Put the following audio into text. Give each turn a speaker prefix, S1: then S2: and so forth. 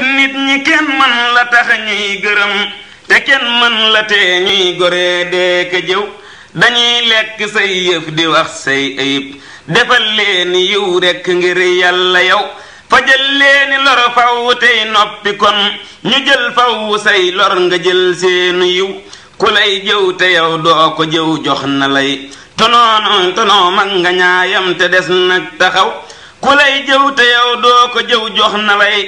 S1: nag nit ñi kenn mën la tax ñuy gërëm te kenn mën la te ñuy gore dee ka jëw dañuy lekk say yëf di wax say ayib defal leen yiw rekk ngir yàlla yow jël leeni lor faw tey noppi kon ñu jël faw say lor nga jël seenu yiw ku lay jëw te yow doo ko jëw jox na lay tonoon mag nga ñaayam te des na taxaw ku lay jëw te yow doo ko jëw jox na lay